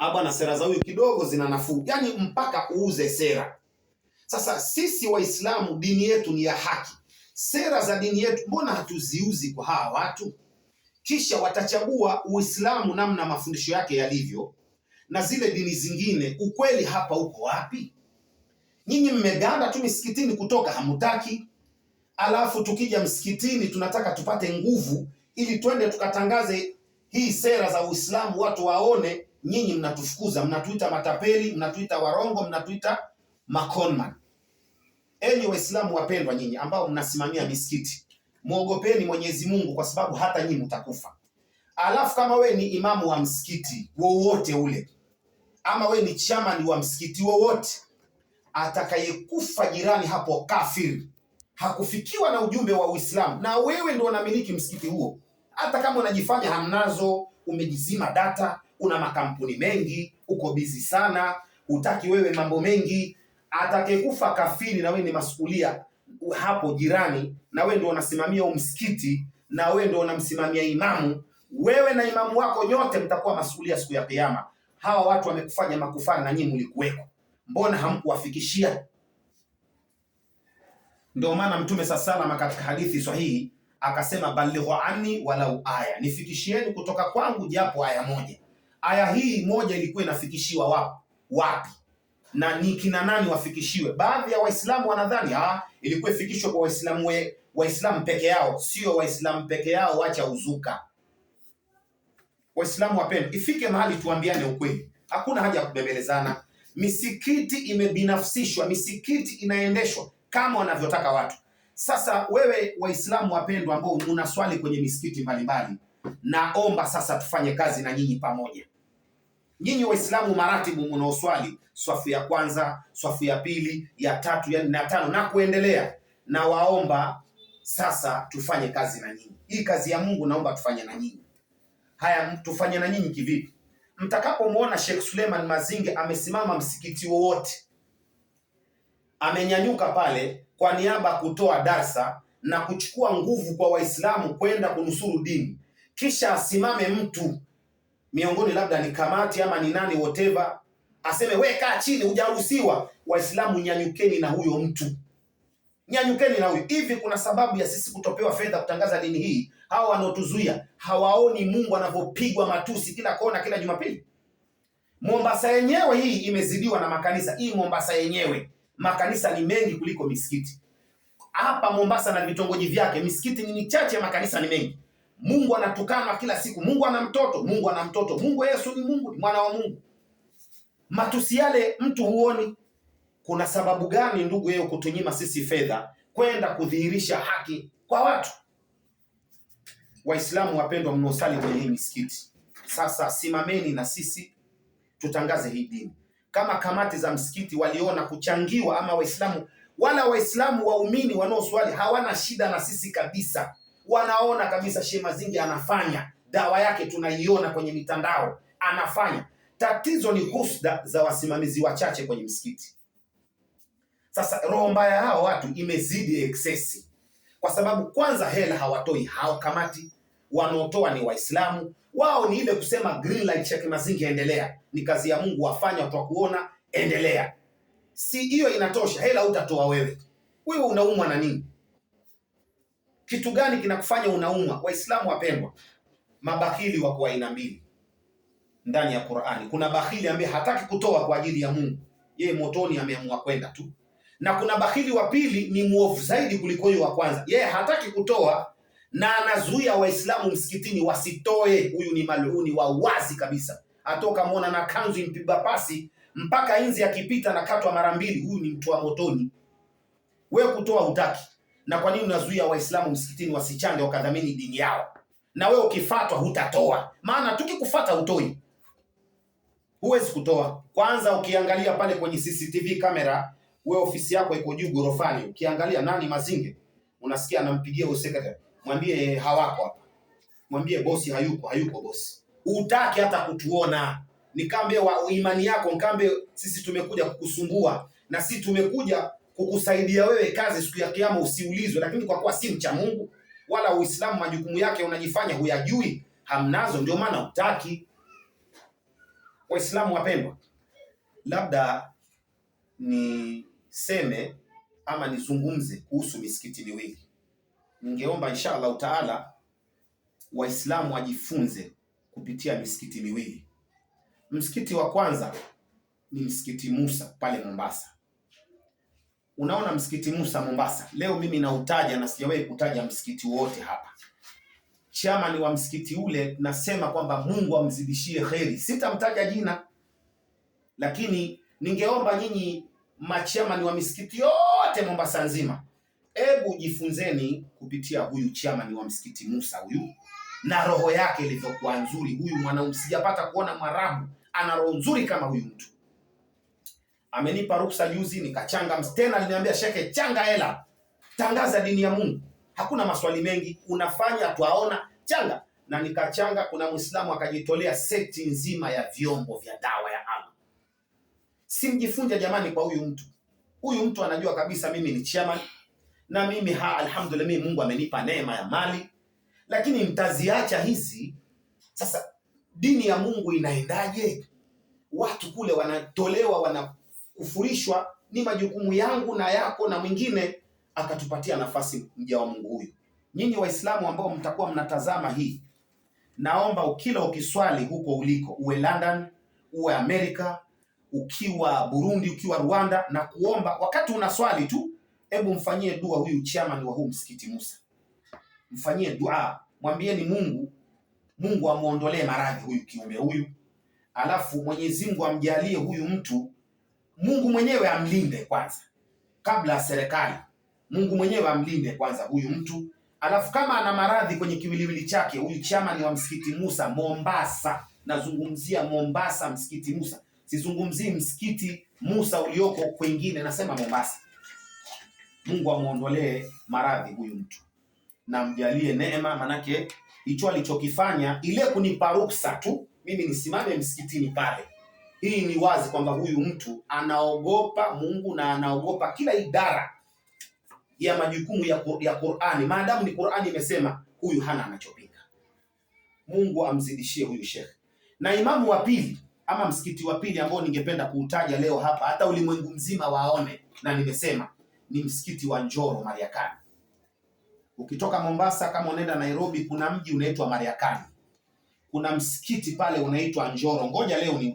na sera za huyu kidogo zina nafuu, yaani mpaka uuze sera. Sasa sisi Waislamu dini yetu ni ya haki, sera za dini yetu mbona hatuziuzi kwa hawa watu? Kisha watachagua Uislamu namna mafundisho yake yalivyo, na zile dini zingine. Ukweli hapa uko wapi? Nyinyi mmeganda tu misikitini kutoka hamutaki, alafu tukija msikitini tunataka tupate nguvu ili twende tukatangaze hii sera za Uislamu, watu waone nyinyi mnatufukuza, mnatuita matapeli, mnatuita warongo, mnatuita makonman. Enyi Waislamu wapendwa, nyinyi ambao mnasimamia misikiti, muogopeni Mwenyezi Mungu kwa sababu hata nyinyi mtakufa. Alafu kama we ni imamu wa msikiti wowote ule, ama we ni chamani wa msikiti wowote, atakayekufa jirani hapo kafiri, hakufikiwa na ujumbe wa Uislamu, na wewe ndio unamiliki msikiti huo, hata kama unajifanya hamnazo, umejizima data kuna makampuni mengi, uko bizi sana, hutaki wewe mambo mengi. Atakekufa kafiri na wewe ni masuhulia hapo jirani, na wewe ndio unasimamia umsikiti, na wewe ndio unamsimamia imamu, wewe na imamu wako nyote mtakuwa masuhulia siku ya Kiyama. Hawa watu wamekufanya makufana na nyinyi mlikuweko, mbona hamkuwafikishia? Ndio maana Mtume saa salama katika hadithi sahihi akasema, balighu anni walau aya, nifikishieni kutoka kwangu japo aya moja aya hii moja ilikuwa inafikishiwa wapi wapi na ni kina nani wafikishiwe? Baadhi ya Waislamu wanadhani ah, ilikuwa ifikishwe kwa Waislamu we, Waislamu peke yao. Sio Waislamu peke yao, wacha uzuka. Waislamu wapendwa, ifike mahali tuambiane ukweli, hakuna haja ya kubembelezana. Misikiti imebinafsishwa, misikiti inaendeshwa kama wanavyotaka watu. Sasa wewe Waislamu wapendwa, ambao una swali kwenye misikiti mbalimbali, naomba sasa tufanye kazi na nyinyi pamoja nyinyi Waislamu maratibu mnaoswali swafu ya kwanza, swafu ya pili, ya tatu, ya nne na tano na kuendelea, na waomba sasa tufanye kazi na nyinyi. Hii kazi ya Mungu naomba tufanye na nyinyi. Haya, tufanye na nyinyi kivipi? Mtakapomwona Sheikh Suleiman Mazinge amesimama msikiti wowote, amenyanyuka pale kwa niaba kutoa darsa na kuchukua nguvu kwa Waislamu kwenda kunusuru dini, kisha asimame mtu miongoni labda ni kamati ama ni nani whatever, aseme we kaa chini, hujaruhusiwa. Waislamu, nyanyukeni na huyo mtu, nyanyukeni na huyo. Hivi kuna sababu ya sisi kutopewa fedha kutangaza dini hii? Hawa wanaotuzuia hawaoni Mungu anavyopigwa matusi kila kona, kila Jumapili? Mombasa yenyewe hii imezidiwa na makanisa. Hii Mombasa yenyewe makanisa ni mengi kuliko misikiti hapa Mombasa na vitongoji vyake, misikiti ni michache, makanisa ni mengi. Mungu anatukanwa kila siku. Mungu ana mtoto, Mungu ana mtoto. Mungu Yesu ni Mungu, ni mwana wa Mungu. Matusi yale mtu huoni. Kuna sababu gani ndugu yeye kutunyima sisi fedha kwenda kudhihirisha haki kwa watu? Waislamu wapendwa, mnaosali kwenye hii misikiti, sasa simameni na sisi tutangaze hii dini. Kama kamati za msikiti waliona kuchangiwa ama Waislamu wala Waislamu waumini wanaoswali hawana shida na sisi kabisa wanaona kabisa Sheikh Mazinge anafanya dawa yake, tunaiona kwenye mitandao anafanya. Tatizo ni husda za wasimamizi wachache kwenye msikiti. Sasa roho mbaya hao watu imezidi eksesi, kwa sababu kwanza hela hawatoi hao kamati, wanaotoa ni Waislamu. Wao ni ile kusema green light, Sheikh Mazinge endelea, ni kazi ya Mungu, wafanya watu kuona, endelea. Si hiyo inatosha, hela utatoa wewe, wewe unaumwa na nini? Kitu gani kinakufanya unaumwa? Waislamu wapendwa, mabahili wako aina mbili ndani ya Qur'ani. Kuna bakhili ambaye hataki kutoa kwa ajili ya Mungu, yeye motoni ameamua kwenda tu, na kuna bahili wa pili ni muovu zaidi kuliko huyo wa kwanza, yeye hataki kutoa na anazuia Waislamu msikitini wasitoe. Huyu ni maluni wa wazi kabisa, atoka muona na kanzu impiga pasi mpaka inzi akipita na katwa mara mbili. Huyu ni mtu wa motoni, wewe kutoa hutaki na kwa nini unazuia Waislamu msikitini wasichange wakadhamini dini yao? Na wewe ukifatwa hutatoa, maana tukikufata utoi huwezi kutoa. Kwanza ukiangalia pale kwenye CCTV kamera, wewe ofisi yako iko juu gorofani, ukiangalia nani Mazinge, unasikia anampigia huyo secretary, mwambie hawako hapa, mwambie bosi hayuko, hayuko bosi. Hutaki hata kutuona, nikambe wa imani yako, nikambe sisi tumekuja kukusumbua na sisi tumekuja kukusaidia wewe kazi siku ya Kiyama usiulizwe. Lakini kwa kuwa si mcha Mungu wala Uislamu majukumu yake unajifanya huyajui, hamnazo, ndio maana utaki Waislamu wapendwa, labda niseme ama nizungumze kuhusu misikiti miwili. Ningeomba insha Allahu taala Waislamu wajifunze kupitia misikiti miwili. Msikiti wa kwanza ni msikiti Musa pale Mombasa. Unaona msikiti Musa Mombasa, leo mimi nautaja na sijawahi kutaja msikiti wote hapa. ni wa msikiti ule nasema kwamba Mungu amzidishie kheri, sitamtaja jina, lakini ningeomba nyinyi ni wa misikiti yote Mombasa nzima, hebu jifunzeni kupitia huyu ni wa msikiti Musa huyu na roho yake ilivyokuwa nzuri. Huyu mwanaume sijapata kuona mwarabu ana roho nzuri kama huyu mtu amenipa ruksa juzi nikachanga tena, aliniambia sheke, changa hela, tangaza dini ya Mungu, hakuna maswali mengi, unafanya twaona, changa na nikachanga. Kuna Muislamu akajitolea seti nzima ya vyombo vya dawa ya Allah. Simjifunja jamani, kwa huyu mtu. Huyu mtu anajua kabisa mimi ni chairman na mimi ha, alhamdulillah mimi Mungu amenipa neema ya mali, lakini mtaziacha hizi sasa. Dini ya Mungu inaendaje? Watu kule wanatolewa wana kufurishwa ni majukumu yangu na yako na mwingine, akatupatia nafasi mja wa Mungu huyu. Nyinyi Waislamu ambao mtakuwa mnatazama hii, naomba ukila ukiswali huko uliko, uwe London, uwe Amerika, ukiwa Burundi, ukiwa Rwanda, na kuomba wakati unaswali tu, hebu mfanyie dua huyu chairman wa huu msikiti Musa, mfanyie dua, mwambieni Mungu, Mungu amuondolee maradhi huyu kiumbe huyu, alafu Mwenyezi Mungu amjalie huyu mtu Mungu mwenyewe amlinde kwanza kabla serikali. Mungu mwenyewe amlinde kwanza huyu mtu, alafu kama ana maradhi kwenye kiwiliwili chake. Huyu chama ni wa msikiti Musa Mombasa, nazungumzia Mombasa, msikiti Musa, sizungumzii msikiti Musa ulioko kwingine, nasema Mombasa. Mungu amwondolee maradhi huyu mtu na mjalie neema, manake hicho alichokifanya ile kunipa ruksa tu mimi nisimame msikitini pale hii ni wazi kwamba huyu mtu anaogopa Mungu na anaogopa kila idara ya majukumu ya, ya Qur'ani, maadamu ni Qur'ani imesema, huyu hana anachopinga. Mungu amzidishie huyu Sheikh. Na imamu wa pili ama msikiti wa pili ambao ningependa kuutaja leo hapa hata ulimwengu mzima waone, na nimesema ni msikiti wa Njoro Mariakani. Ukitoka Mombasa kama unaenda Nairobi, kuna mji unaitwa Mariakani, kuna msikiti pale unaitwa Njoro. Ngoja leo ni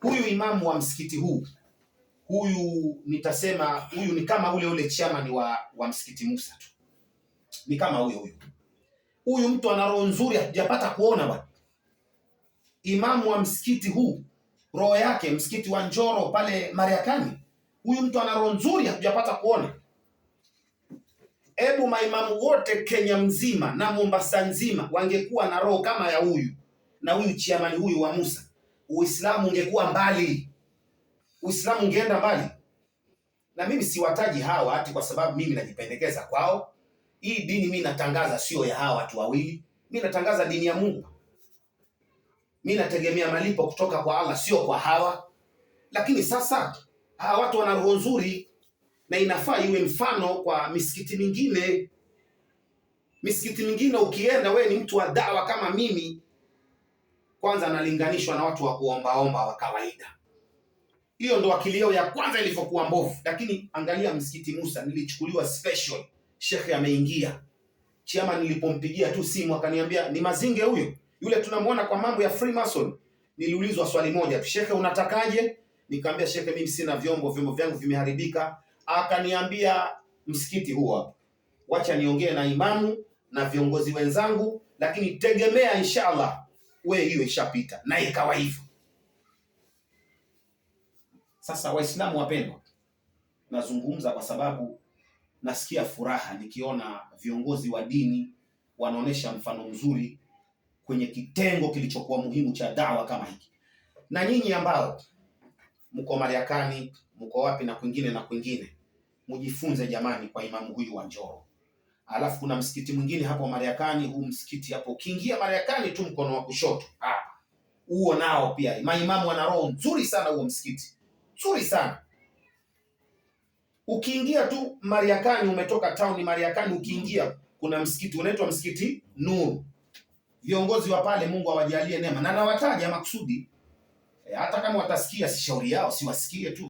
Huyu imamu wa msikiti huu huyu, nitasema huyu ni kama ule ule chamani wa, wa msikiti Musa tu, ni kama huyo huyo. Huyu mtu ana roho nzuri, hatujapata kuona bwana. Imamu wa msikiti huu roho yake msikiti wa Njoro pale Mariakani, huyu mtu ana roho nzuri, hatujapata kuona. Hebu maimamu wote Kenya mzima na Mombasa nzima wangekuwa na roho kama ya huyu na huyu chiamani huyu wa Musa Uislamu ungekuwa mbali, Uislamu ungeenda mbali. Na mimi siwataji hawa hati kwa sababu mimi najipendekeza kwao. Hii dini mimi natangaza sio ya hawa watu wawili, mimi natangaza dini ya Mungu. Mimi nategemea malipo kutoka kwa Allah, sio kwa hawa. Lakini sasa hawa watu wana roho nzuri, na inafaa iwe mfano kwa misikiti mingine. Misikiti mingine ukienda, we ni mtu wa dawa kama mimi kwanza analinganishwa na watu wa kuombaomba wa kawaida. Hiyo ndo akili yao ya kwanza ilivyokuwa mbovu. Lakini angalia msikiti Musa, nilichukuliwa special, shekhe ameingia. Chama nilipompigia tu simu akaniambia ni Mazinge huyo, yule tunamwona kwa mambo ya Freemason. Niliulizwa swali moja shekhe unatakaje? Nikamwambia shekhe, mimi sina vyombo, vyombo vyangu vimeharibika. Akaniambia msikiti huo hapo, wacha niongee na imamu na viongozi wenzangu, lakini tegemea inshallah we hiyo ishapita na ikawa hivyo. Sasa Waislamu wapendwa, nazungumza kwa sababu nasikia furaha nikiona viongozi wa dini wanaonesha mfano mzuri kwenye kitengo kilichokuwa muhimu cha dawa kama hiki. Na nyinyi ambao mko Marekani, mko wapi na kwingine na kwingine, mjifunze jamani, kwa imamu huyu wa Njoro alafu kuna msikiti mwingine hapo Marekani. Huu msikiti hapo ukiingia Marekani tu mkono wa kushoto hapa, huo nao pia maimamu wana roho nzuri sana, huo msikiti nzuri sana. Ukiingia tu Marekani, umetoka town Marekani, ukiingia kuna msikiti unaitwa msikiti Nuru. Viongozi wa pale, Mungu awajalie neema, na nawataja makusudi e, hata kama watasikia, si shauri yao, siwasikie tu.